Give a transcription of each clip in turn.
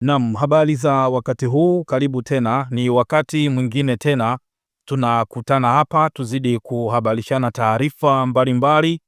nam habari za wakati huu, karibu tena. Ni wakati mwingine tena tunakutana hapa tuzidi kuhabarishana taarifa mbalimbali,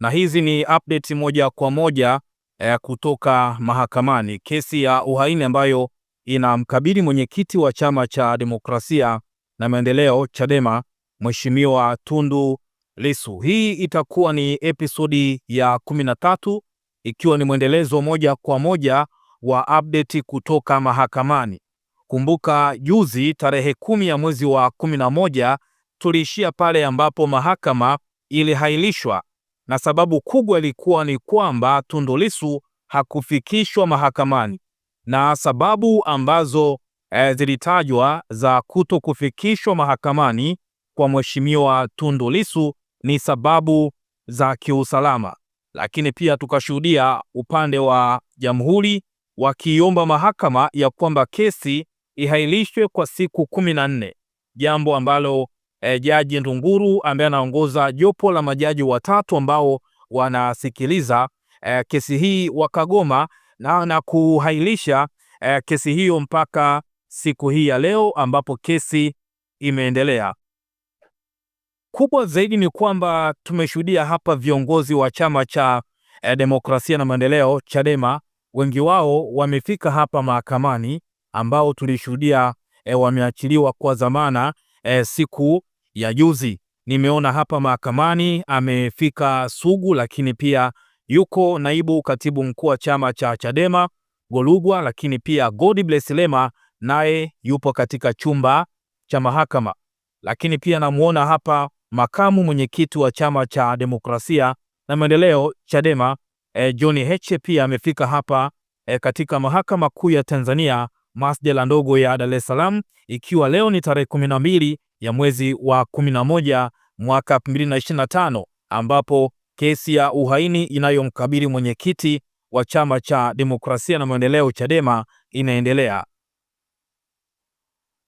na hizi ni update moja kwa moja eh, kutoka mahakamani. Kesi ya uhaini ambayo inamkabili mwenyekiti wa Chama cha Demokrasia na Maendeleo Chadema, Mheshimiwa Tundu Lissu. Hii itakuwa ni episodi ya 13 ikiwa ni mwendelezo moja kwa moja wa update kutoka mahakamani. Kumbuka juzi tarehe kumi ya mwezi wa kumi na moja tuliishia pale ambapo mahakama ilihailishwa na sababu kubwa ilikuwa ni kwamba Tundu Lissu hakufikishwa mahakamani, na sababu ambazo e, zilitajwa za kuto kufikishwa mahakamani kwa mheshimiwa Tundu Lissu ni sababu za kiusalama, lakini pia tukashuhudia upande wa jamhuri wakiomba mahakama ya kwamba kesi ihailishwe kwa siku kumi na nne, jambo ambalo e, Jaji Ndunguru ambaye anaongoza jopo la majaji watatu ambao wanasikiliza e, kesi hii wakagoma na, na kuhailisha e, kesi hiyo mpaka siku hii ya leo ambapo kesi imeendelea. Kubwa zaidi ni kwamba tumeshuhudia hapa viongozi wa chama cha e, demokrasia na maendeleo Chadema wengi wao wamefika hapa mahakamani ambao tulishuhudia e, wameachiliwa kwa dhamana e, siku ya juzi. Nimeona hapa mahakamani amefika Sugu, lakini pia yuko naibu katibu mkuu wa chama cha Chadema Golugwa, lakini pia bless Lema naye yupo katika chumba cha mahakama, lakini pia namuona hapa makamu mwenyekiti wa chama cha demokrasia na maendeleo Chadema e, eh, John Heche pia amefika hapa e, katika mahakama kuu ya Tanzania masjala ndogo ya Dar es Salaam, ikiwa leo ni tarehe 12 ya mwezi wa 11 mwaka 2025 ambapo kesi ya uhaini inayomkabili mwenyekiti wa chama cha demokrasia na maendeleo Chadema inaendelea.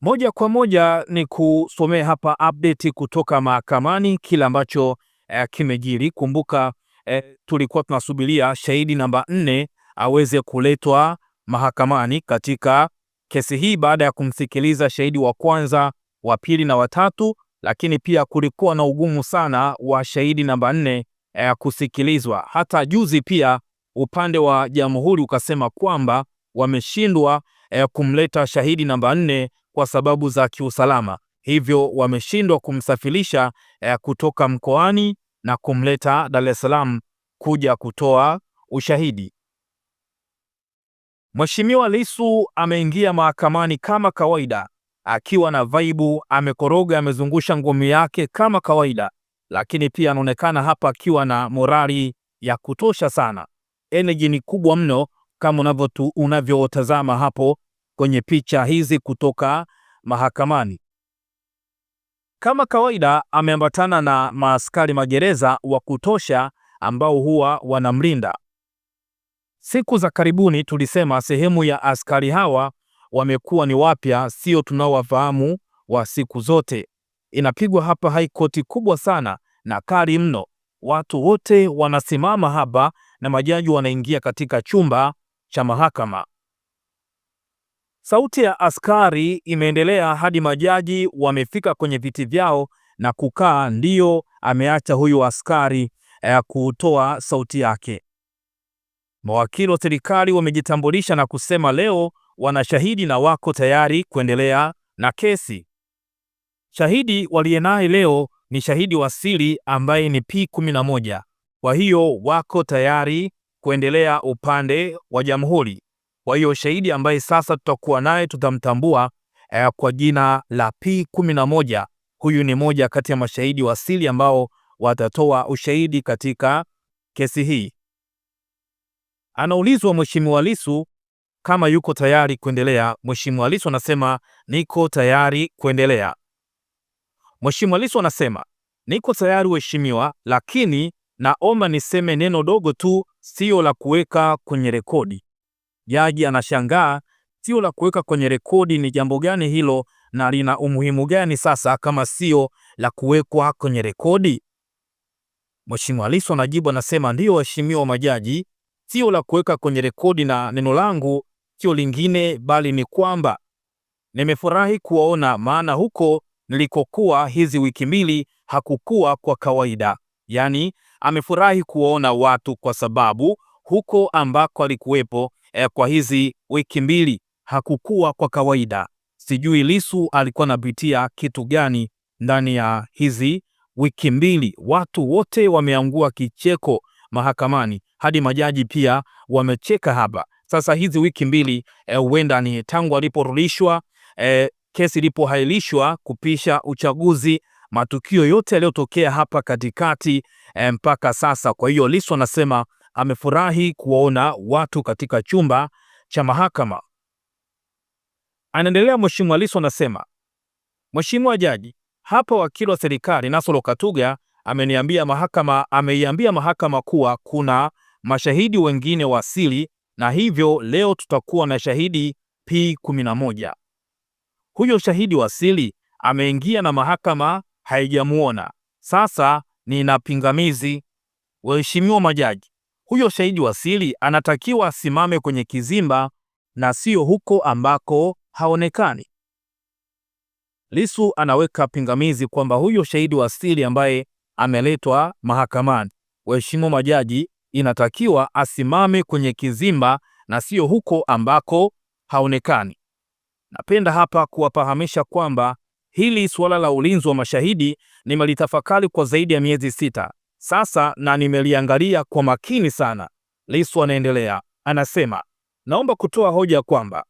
Moja kwa moja ni kusomea hapa update kutoka mahakamani, kile ambacho eh, kimejiri. Kumbuka e, tulikuwa tunasubiria shahidi namba nne aweze kuletwa mahakamani katika kesi hii baada ya kumsikiliza shahidi wa kwanza, wa pili na watatu, lakini pia kulikuwa na ugumu sana wa shahidi namba nne e, kusikilizwa. Hata juzi pia upande wa jamhuri ukasema kwamba wameshindwa e, kumleta shahidi namba nne kwa sababu za kiusalama, hivyo wameshindwa kumsafirisha e, kutoka mkoani na kumleta Dar es Salaam kuja kutoa ushahidi. Mheshimiwa Lissu ameingia mahakamani kama kawaida akiwa na vaibu, amekoroga, amezungusha ngumi yake kama kawaida, lakini pia anaonekana hapa akiwa na morali ya kutosha sana. Energy ni kubwa mno kama unavyotazama hapo kwenye picha hizi kutoka mahakamani. Kama kawaida ameambatana na maaskari magereza wa kutosha ambao huwa wanamlinda. Siku za karibuni tulisema sehemu ya askari hawa wamekuwa ni wapya, sio tunaowafahamu wa siku zote. Inapigwa hapa high court kubwa sana na kali mno, watu wote wanasimama hapa na majaji wanaingia katika chumba cha mahakama. Sauti ya askari imeendelea hadi majaji wamefika kwenye viti vyao na kukaa, ndiyo ameacha huyu askari ya eh, kutoa sauti yake. Mawakili wa serikali wamejitambulisha na kusema leo wana shahidi na wako tayari kuendelea na kesi. Shahidi waliye naye leo ni shahidi wa siri ambaye ni P11. Kwa hiyo wako tayari kuendelea upande wa jamhuri. Kwa hiyo shahidi ambaye sasa tutakuwa naye tutamtambua eh, kwa jina la P11. Huyu ni moja kati ya mashahidi wa asili ambao watatoa ushahidi katika kesi hii. Anaulizwa Mheshimiwa Lissu kama yuko tayari kuendelea. Mheshimiwa Lissu anasema niko tayari kuendelea. Mheshimiwa Lissu anasema niko tayari Mheshimiwa, lakini naomba niseme neno dogo tu, sio la kuweka kwenye rekodi. Jaji anashangaa, sio la kuweka kwenye rekodi. Ni jambo gani hilo na lina umuhimu gani sasa kama sio la kuwekwa kwenye rekodi? Mheshimiwa Lissu anajibu anasema, ndiyo waheshimiwa majaji, sio la kuweka kwenye rekodi, na neno langu sio lingine bali ni kwamba nimefurahi kuwaona, maana huko nilikokuwa hizi wiki mbili hakukuwa kwa kawaida. Yaani amefurahi kuwaona watu kwa sababu huko ambako alikuwepo e, kwa hizi wiki mbili hakukuwa kwa kawaida. Sijui lisu alikuwa anapitia kitu gani ndani ya hizi wiki mbili. Watu wote wameangua kicheko mahakamani, hadi majaji pia wamecheka hapa. Sasa hizi wiki mbili eh, huenda e, ni tangu aliporudishwa e, kesi ilipohailishwa kupisha uchaguzi, matukio yote yaliyotokea hapa katikati e, mpaka sasa. Kwa hiyo lisu anasema amefurahi kuwaona watu katika chumba cha mahakama. Anaendelea Mheshimiwa Lissu anasema, Mheshimiwa Jaji, hapa wakili wa serikali Nasoro Katuga ameniambia mahakama ameiambia mahakama kuwa kuna mashahidi wengine wa asili na hivyo leo tutakuwa na shahidi P11. Huyo shahidi wa asili ameingia na mahakama haijamuona. Sasa nina pingamizi, waheshimiwa majaji, huyo shahidi wa siri anatakiwa asimame kwenye kizimba na sio huko ambako haonekani. Lissu anaweka pingamizi kwamba huyo shahidi wa siri ambaye ameletwa mahakamani, waheshimiwa majaji, inatakiwa asimame kwenye kizimba na siyo huko ambako haonekani. Napenda hapa kuwafahamisha kwamba hili suala la ulinzi wa mashahidi nimelitafakari kwa zaidi ya miezi sita sasa na nimeliangalia kwa makini sana. Lissu anaendelea anasema, naomba kutoa hoja kwamba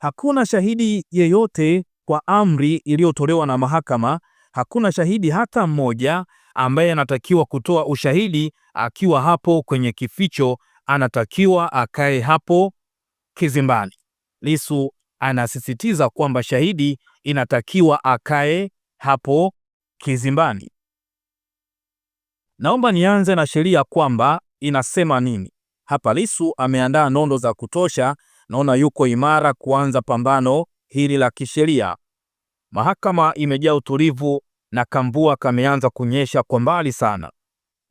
hakuna shahidi yeyote kwa amri iliyotolewa na mahakama. Hakuna shahidi hata mmoja ambaye anatakiwa kutoa ushahidi akiwa hapo kwenye kificho, anatakiwa akae hapo kizimbani. Lissu anasisitiza kwamba shahidi inatakiwa akae hapo kizimbani. Naomba nianze na sheria kwamba inasema nini. Hapa Lissu ameandaa nondo za kutosha, naona yuko imara kuanza pambano hili la kisheria. Mahakama imejaa utulivu na kambua kameanza kunyesha kwa mbali sana.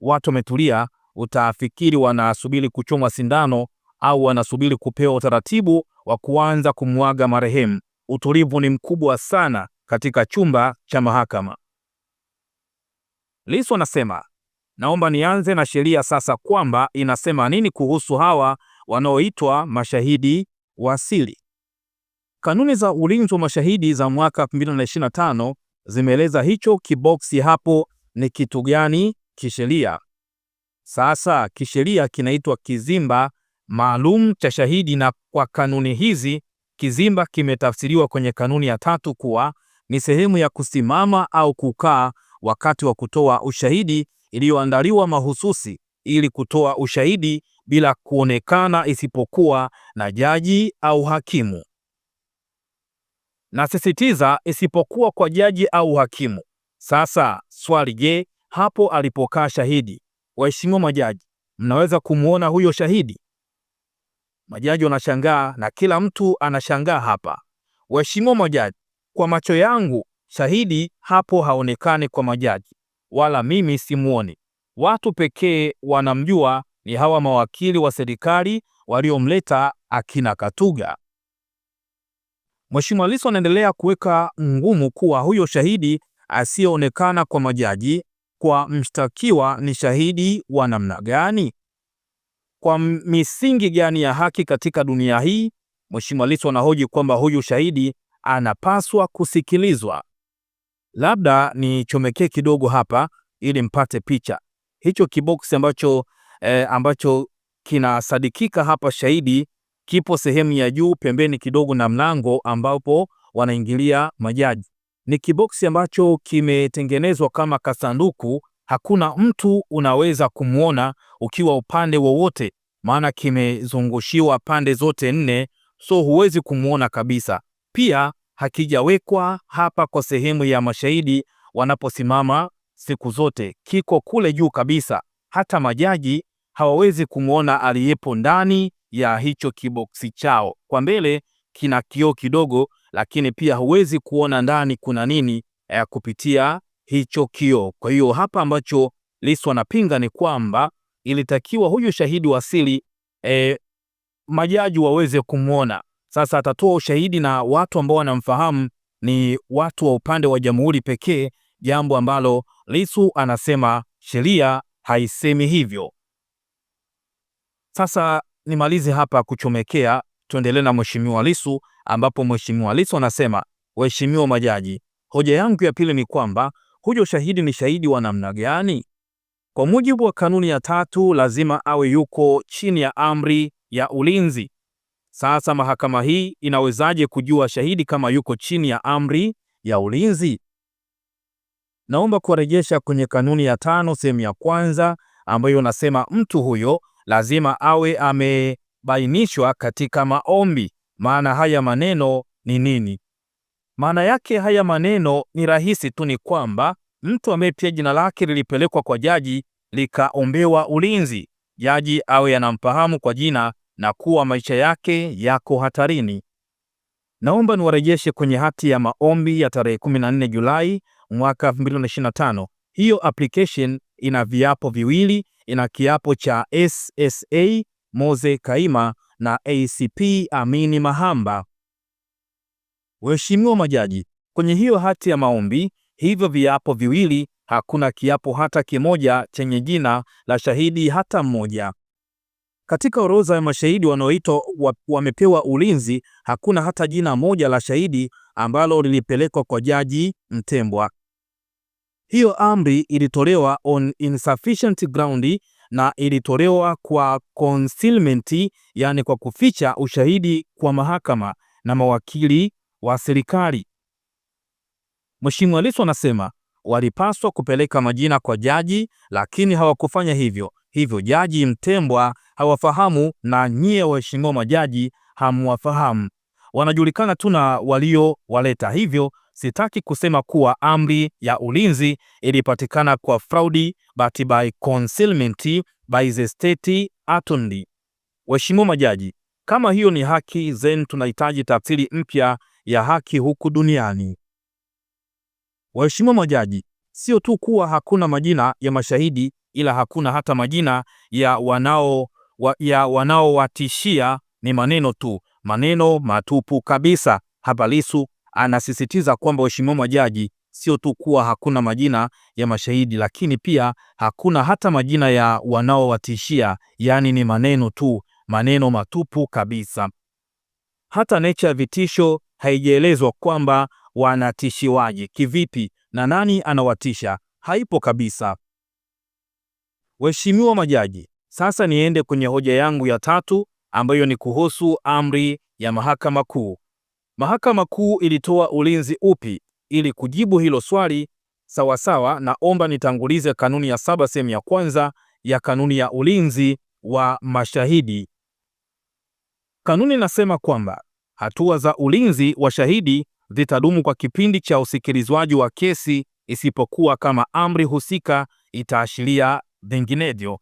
Watu wametulia, utaafikiri wanasubiri kuchomwa sindano au wanasubiri kupewa utaratibu wa kuanza kumwaga marehemu. Utulivu ni mkubwa sana katika chumba cha mahakama. Lissu anasema Naomba nianze na sheria sasa, kwamba inasema nini kuhusu hawa wanaoitwa mashahidi wa asili. Kanuni za ulinzi wa mashahidi za mwaka 2025 zimeeleza hicho kiboksi hapo ni kitu gani kisheria. Sasa kisheria kinaitwa kizimba maalum cha shahidi, na kwa kanuni hizi kizimba kimetafsiriwa kwenye kanuni ya tatu kuwa ni sehemu ya kusimama au kukaa wakati wa kutoa ushahidi iliyoandaliwa mahususi ili kutoa ushahidi bila kuonekana isipokuwa na jaji au hakimu. Nasisitiza isipokuwa kwa jaji au hakimu. Sasa swali, je, hapo alipokaa shahidi, waheshimiwa majaji, mnaweza kumwona huyo shahidi? Majaji wanashangaa na kila mtu anashangaa hapa. Waheshimiwa majaji, kwa macho yangu shahidi hapo haonekani kwa majaji, wala mimi simuoni. Watu pekee wanamjua ni hawa mawakili wa serikali waliomleta akina Katuga. Mheshimiwa Lissu anaendelea kuweka ngumu kuwa huyo shahidi asiyeonekana kwa majaji kwa mshtakiwa ni shahidi wa namna gani? Kwa misingi gani ya haki katika dunia hii? Mheshimiwa Lissu anahoji kwamba huyu shahidi anapaswa kusikilizwa Labda nichomekee kidogo hapa ili mpate picha. Hicho kiboksi ambacho eh, ambacho kinasadikika hapa shahidi kipo sehemu ya juu pembeni kidogo na mlango ambapo wanaingilia majaji. Ni kiboksi ambacho kimetengenezwa kama kasanduku, hakuna mtu unaweza kumwona ukiwa upande wowote, maana kimezungushiwa pande zote nne, so huwezi kumwona kabisa. Pia hakijawekwa hapa kwa sehemu ya mashahidi wanaposimama siku zote, kiko kule juu kabisa. Hata majaji hawawezi kumwona aliyepo ndani ya hicho kiboksi chao. Kwa mbele kina kioo kidogo, lakini pia huwezi kuona ndani kuna nini ya eh, kupitia hicho kioo. Kwa hiyo hapa ambacho Lissu anapinga ni kwamba ilitakiwa huyu shahidi wa asili e, majaji waweze kumwona sasa atatoa ushahidi na watu ambao wanamfahamu ni watu wa upande wa jamhuri pekee, jambo ambalo Lissu anasema sheria haisemi hivyo. Sasa nimalize hapa kuchomekea, tuendelee na mheshimiwa Lissu, ambapo mheshimiwa Lissu anasema, waheshimiwa majaji, hoja yangu ya pili ni kwamba huyo shahidi ni shahidi wa namna gani? Kwa mujibu wa kanuni ya tatu lazima awe yuko chini ya amri ya ulinzi sasa mahakama hii inawezaje kujua shahidi kama yuko chini ya amri ya ulinzi? Naomba kuwarejesha kwenye kanuni ya tano sehemu ya kwanza ambayo unasema mtu huyo lazima awe amebainishwa katika maombi. Maana haya maneno ni nini? Maana yake haya maneno ni rahisi tu, ni kwamba mtu ambaye pia jina lake lilipelekwa kwa jaji likaombewa ulinzi, jaji awe anamfahamu kwa jina na kuwa maisha yake yako hatarini. Naomba niwarejeshe kwenye hati ya maombi ya tarehe 14 Julai mwaka 2025. Hiyo application ina viapo viwili, ina kiapo cha SSA Moze Kaima na ACP Amini Mahamba. Waheshimiwa majaji, kwenye hiyo hati ya maombi hivyo viapo viwili hakuna kiapo hata kimoja chenye jina la shahidi hata mmoja. Katika orodha ya mashahidi wanaoitwa wamepewa ulinzi, hakuna hata jina moja la shahidi ambalo lilipelekwa kwa Jaji Mtembwa. Hiyo amri ilitolewa on insufficient ground na ilitolewa kwa concealment, yani kwa kuficha ushahidi kwa mahakama na mawakili wa serikali. Mheshimiwa Lissu anasema walipaswa kupeleka majina kwa jaji, lakini hawakufanya hivyo. Hivyo Jaji Mtembwa hawafahamu na nyie waheshimiwa majaji hamwafahamu, wanajulikana tu na waliowaleta. Hivyo sitaki kusema kuwa amri ya ulinzi ilipatikana kwa fraudi but by concealment by the state attorney. Waheshimiwa majaji, kama hiyo ni haki zenu, tunahitaji tafsiri mpya ya haki huku duniani. Waheshimiwa majaji, sio tu kuwa hakuna majina ya mashahidi, ila hakuna hata majina ya wanao wa, ya wanaowatishia. Ni maneno tu, maneno matupu kabisa. Hapa Lissu anasisitiza kwamba waheshimiwa majaji, sio tu kuwa hakuna majina ya mashahidi, lakini pia hakuna hata majina ya wanaowatishia, yaani ni maneno tu, maneno matupu kabisa. Hata necha ya vitisho haijaelezwa kwamba wanatishiwaje kivipi na nani anawatisha haipo kabisa. Waheshimiwa majaji, sasa niende kwenye hoja yangu ya tatu ambayo ni kuhusu amri ya mahakama kuu. Mahakama kuu ilitoa ulinzi upi? Ili kujibu hilo swali sawasawa, naomba nitangulize kanuni ya saba sehemu ya kwanza ya kanuni ya ulinzi wa mashahidi. Kanuni nasema kwamba hatua za ulinzi wa shahidi zitadumu kwa kipindi cha usikilizwaji wa kesi isipokuwa kama amri husika itaashiria vinginevyo.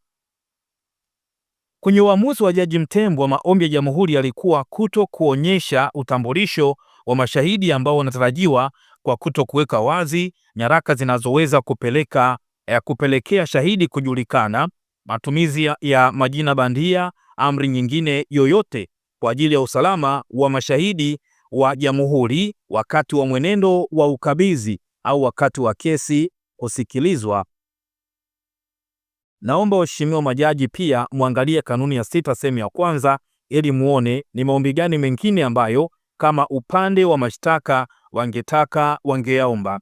Kwenye uamuzi wa Jaji Mtembwa, maombi ya jamhuri yalikuwa kuto kuonyesha utambulisho wa mashahidi ambao wanatarajiwa kwa kuto kuweka wazi nyaraka zinazoweza kupeleka ya eh, kupelekea shahidi kujulikana, matumizi ya majina bandia, amri nyingine yoyote kwa ajili ya usalama wa mashahidi wa jamhuri wakati wa mwenendo wa ukabidhi au wakati wa kesi kusikilizwa. Naomba waheshimiwa majaji pia mwangalie kanuni ya sita sehemu ya kwanza ili muone ni maombi gani mengine ambayo kama upande wa mashtaka wangetaka wangeyaomba.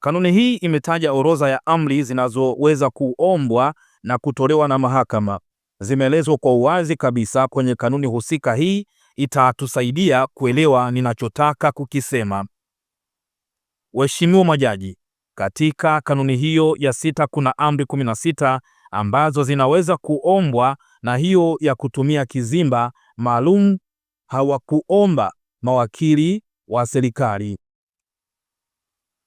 Kanuni hii imetaja orodha ya amri zinazoweza kuombwa na kutolewa na mahakama. Zimeelezwa kwa uwazi kabisa kwenye kanuni husika hii itatusaidia kuelewa ninachotaka kukisema. Waheshimiwa majaji, katika kanuni hiyo ya sita kuna amri 16 ambazo zinaweza kuombwa, na hiyo ya kutumia kizimba maalum hawakuomba mawakili wa serikali.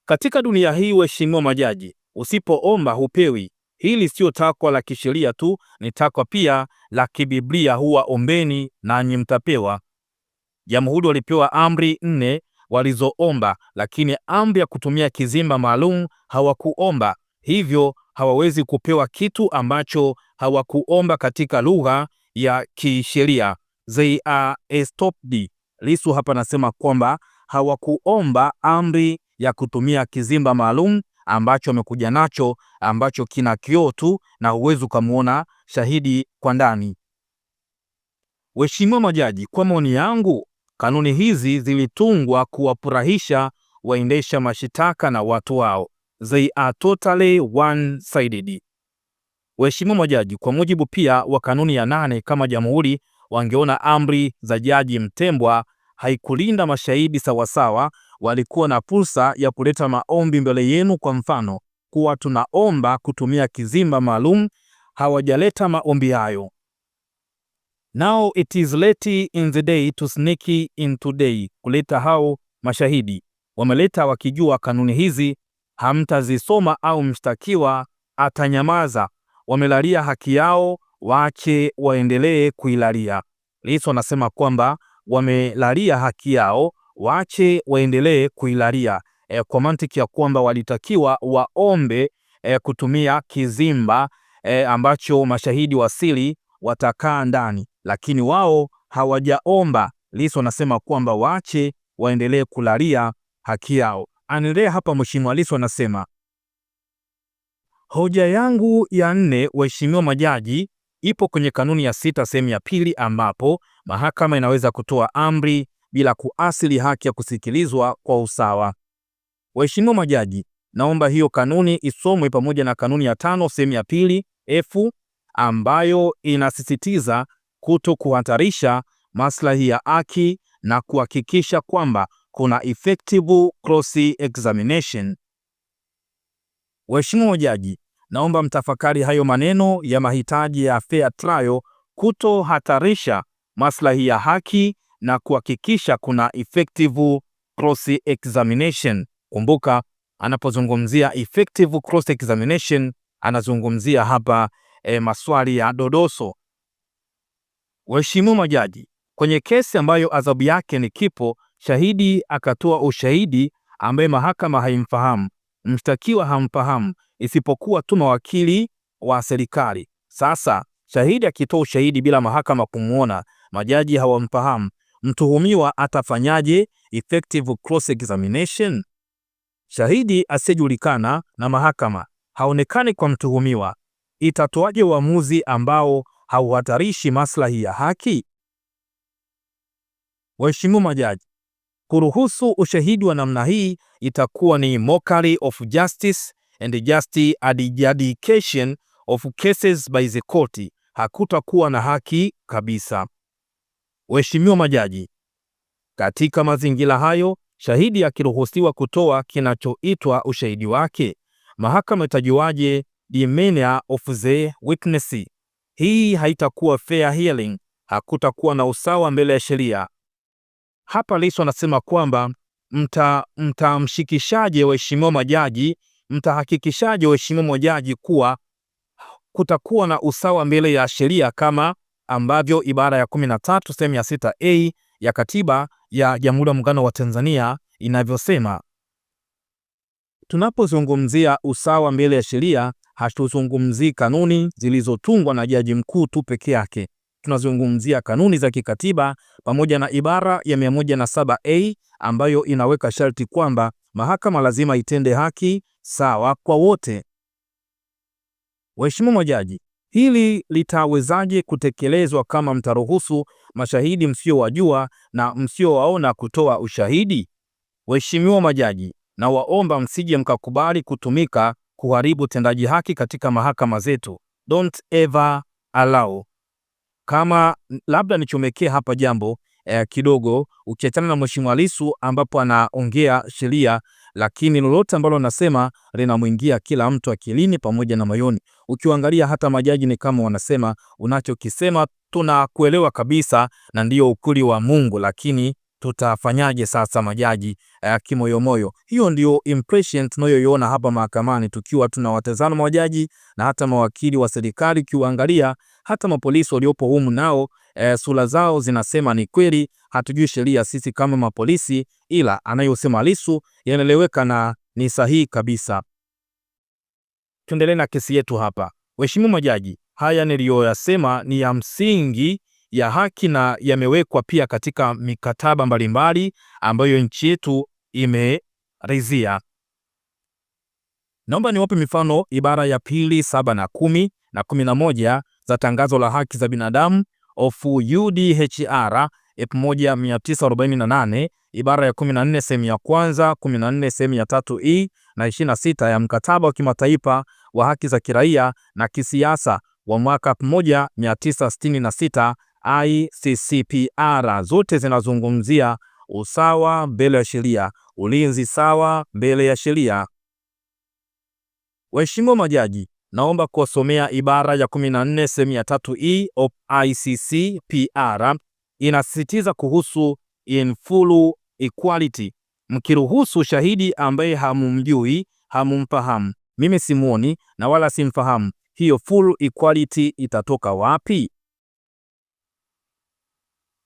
Katika dunia hii, waheshimiwa majaji, usipoomba hupewi. Hili sio takwa la kisheria tu, ni takwa pia la kibiblia, huwa ombeni nanyi mtapewa. Jamhuri walipewa amri nne walizoomba, lakini amri ya kutumia kizimba maalum hawakuomba, hivyo hawawezi kupewa kitu ambacho hawakuomba. Katika lugha ya kisheria they are estopped. Lisu hapa anasema kwamba hawakuomba amri ya kutumia kizimba maalum ambacho amekuja nacho ambacho kina kioo tu na huwezi ukamwona shahidi kwa ndani. Waheshimiwa majaji, kwa maoni yangu, kanuni hizi zilitungwa kuwafurahisha waendesha mashitaka na watu wao. They are totally one-sided. Waheshimiwa majaji, kwa mujibu pia wa kanuni ya nane, kama jamhuri wangeona amri za jaji Mtembwa haikulinda mashahidi sawasawa walikuwa na fursa ya kuleta maombi mbele yenu. Kwa mfano, kuwa tunaomba kutumia kizimba maalum. Hawajaleta maombi hayo. Now it is late in the day to sneak in today, kuleta hao mashahidi wameleta wakijua kanuni hizi hamtazisoma au mshtakiwa atanyamaza. Wamelalia haki yao, wache waendelee kuilalia. Lissu anasema kwamba wamelalia haki yao, waache waendelee kuilalia e, kwa mantiki ya kwamba walitakiwa waombe e, kutumia kizimba e, ambacho mashahidi wa siri watakaa ndani, lakini wao hawajaomba. Lissu anasema kwamba waache waendelee kulalia haki yao. Anaendelea hapa Mheshimiwa Lissu anasema, hoja yangu ya nne, waheshimiwa majaji, ipo kwenye kanuni ya sita sehemu ya pili ambapo mahakama inaweza kutoa amri bila kuasili haki ya kusikilizwa kwa usawa. Waheshimiwa majaji, naomba hiyo kanuni isomwe pamoja na kanuni ya tano sehemu ya pili F ambayo inasisitiza kuto kuhatarisha maslahi ya haki na kuhakikisha kwamba kuna effective cross examination. Waheshimiwa majaji, naomba mtafakari hayo maneno ya mahitaji ya fair trial kutohatarisha maslahi ya haki na kuhakikisha kuna effective cross examination. Kumbuka, anapozungumzia effective cross examination anazungumzia hapa e, maswali ya dodoso. Waheshimiwa majaji, kwenye kesi ambayo adhabu yake ni kipo, shahidi akatoa ushahidi ambaye mahakama haimfahamu, mshtakiwa hamfahamu, isipokuwa tu mawakili wa serikali. Sasa shahidi akitoa ushahidi bila mahakama kumwona, majaji hawamfahamu, mtuhumiwa atafanyaje effective cross examination? Shahidi asiyejulikana na mahakama haonekani kwa mtuhumiwa, itatoaje uamuzi ambao hauhatarishi maslahi ya haki? Waheshimiwa majaji, kuruhusu ushahidi wa namna hii itakuwa ni mockery of justice and just adjudication of cases by the court. Hakutakuwa na haki kabisa. Waheshimiwa majaji, katika mazingira hayo, shahidi akiruhusiwa kutoa kinachoitwa ushahidi wake, mahakama itajuaje demeanor of the witness? Hii haitakuwa fair hearing, hakutakuwa na usawa mbele ya sheria. Hapa Lissu anasema kwamba mtamshikishaje waheshimiwa majaji, mtahakikishaje waheshimiwa majaji kuwa kutakuwa na usawa mbele ya sheria kama ambavyo ibara ya 13 sehemu ya 6a ya katiba ya Jamhuri ya Muungano wa Tanzania inavyosema. Tunapozungumzia usawa mbele ya sheria, hatuzungumzii kanuni zilizotungwa na jaji mkuu tu peke yake. Tunazungumzia kanuni za kikatiba pamoja na ibara ya 107a ambayo inaweka sharti kwamba mahakama lazima itende haki sawa kwa wote. Waheshimiwa majaji, Hili litawezaje kutekelezwa kama mtaruhusu mashahidi msiowajua na msiowaona kutoa ushahidi? Waheshimiwa majaji, na waomba msije mkakubali kutumika kuharibu tendaji haki katika mahakama zetu. Don't ever allow. Kama labda nichomekee hapa jambo eh, kidogo ukiachana na Mheshimiwa Lissu ambapo anaongea sheria lakini lolote ambalo nasema linamwingia kila mtu akilini pamoja na moyoni. Ukiangalia hata majaji ni kama wanasema unachokisema tunakuelewa kabisa na ndiyo ukuli wa Mungu, lakini tutafanyaje sasa majaji uh, kimoyomoyo. Hiyo ndio impression tunayoiona hapa mahakamani tukiwa tunawatazama majaji na hata mawakili wa serikali. Ukiangalia hata mapolisi waliopo humu nao e, sura zao zinasema ni kweli, hatujui sheria sisi kama mapolisi, ila anayosema Lissu yanaeleweka na ni sahihi kabisa. Tuendelee na kesi yetu hapa. Waheshimiwa majaji, haya niliyoyasema ni ya msingi ya haki na yamewekwa pia katika mikataba mbalimbali ambayo nchi yetu imeridhia. Naomba niwape mifano ibara ya pili, saba na kumi na kumi na moja za tangazo la haki za binadamu of UDHR 1948 ibara ya 14 sehemu ya kwanza, 14 sehemu ya tatu e na 26 ya mkataba wa kimataifa wa haki za kiraia na kisiasa wa mwaka 1966 ICCPR, zote zinazungumzia usawa mbele ya sheria, ulinzi sawa mbele ya sheria. Waheshimiwa majaji, naomba kuwasomea ibara ya 14 sehemu ya 3E of ICC PR inasisitiza kuhusu in full equality. Mkiruhusu shahidi ambaye hamumjui, hamumfahamu, mimi simuoni na wala simfahamu, hiyo full equality itatoka wapi?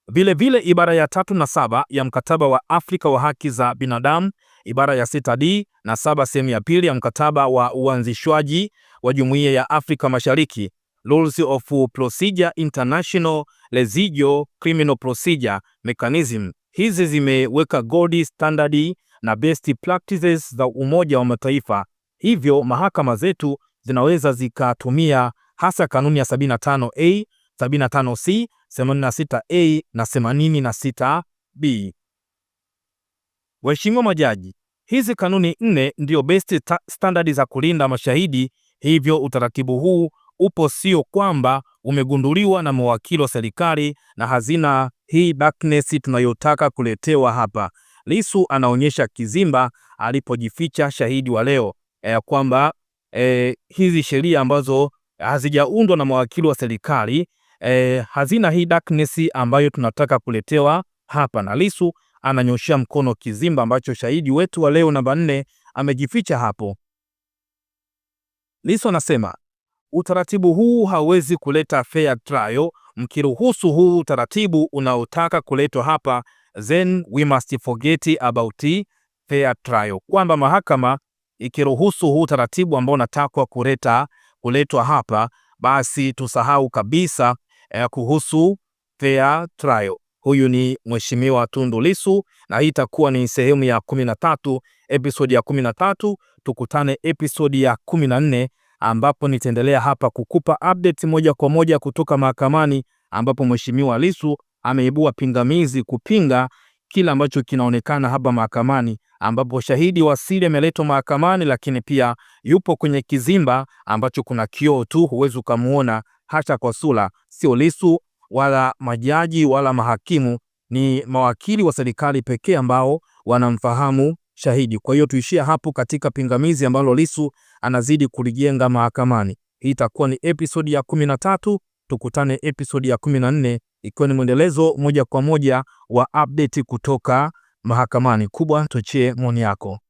Vilevile, ibara ya tatu na saba ya mkataba wa Afrika wa haki za binadamu ibara ya 6D na saba sehemu ya pili ya mkataba wa uanzishwaji wa Jumuiya ya Afrika Mashariki Rules of Procedure International Residual Criminal Procedure Mechanism. Hizi zimeweka gold standard na best practices za Umoja wa Mataifa, hivyo mahakama zetu zinaweza zikatumia hasa kanuni ya 75A, 75C, 86A na 86B. Waheshimiwa majaji, hizi kanuni nne ndio best standard za kulinda mashahidi, hivyo utaratibu huu upo, sio kwamba umegunduliwa na mawakili wa serikali na hazina hii darkness tunayotaka kuletewa hapa. Lisu anaonyesha kizimba alipojificha shahidi wa leo ya eh, e, kwamba e, hizi sheria ambazo hazijaundwa na mawakili wa serikali e, hazina hii darkness ambayo tunataka kuletewa hapa na Lisu ananyoshea mkono kizimba ambacho shahidi wetu wa leo namba nne amejificha hapo. Lissu anasema utaratibu huu hauwezi kuleta fair trial. Mkiruhusu huu utaratibu unaotaka kuletwa hapa, then we must forget about fair trial, kwamba mahakama ikiruhusu huu utaratibu ambao unatakwa kuleta kuletwa hapa, basi tusahau kabisa eh, kuhusu fair trial. Huyu ni mheshimiwa Tundu Lissu, na hii itakuwa ni sehemu ya kumi na tatu, episodi ya 13. tatu. Tukutane episodi ya kumi ambapo nitaendelea hapa kukupa update moja kwa moja kutoka mahakamani ambapo mheshimiwa Lissu ameibua pingamizi kupinga kila ambacho kinaonekana hapa mahakamani ambapo shahidi wa siri ameletwa mahakamani, lakini pia yupo kwenye kizimba ambacho kuna kioo tu, huwezi ukamuona hata kwa sura. Sio Lissu wala majaji wala mahakimu, ni mawakili wa serikali pekee ambao wanamfahamu shahidi. Kwa hiyo tuishia hapo katika pingamizi ambalo Lissu anazidi kulijenga mahakamani. Hii itakuwa ni episodi ya kumi na tatu. Tukutane episodi ya kumi na nne ikiwa ni mwendelezo moja kwa moja wa update kutoka mahakamani. Kubwa, tuachie maoni yako.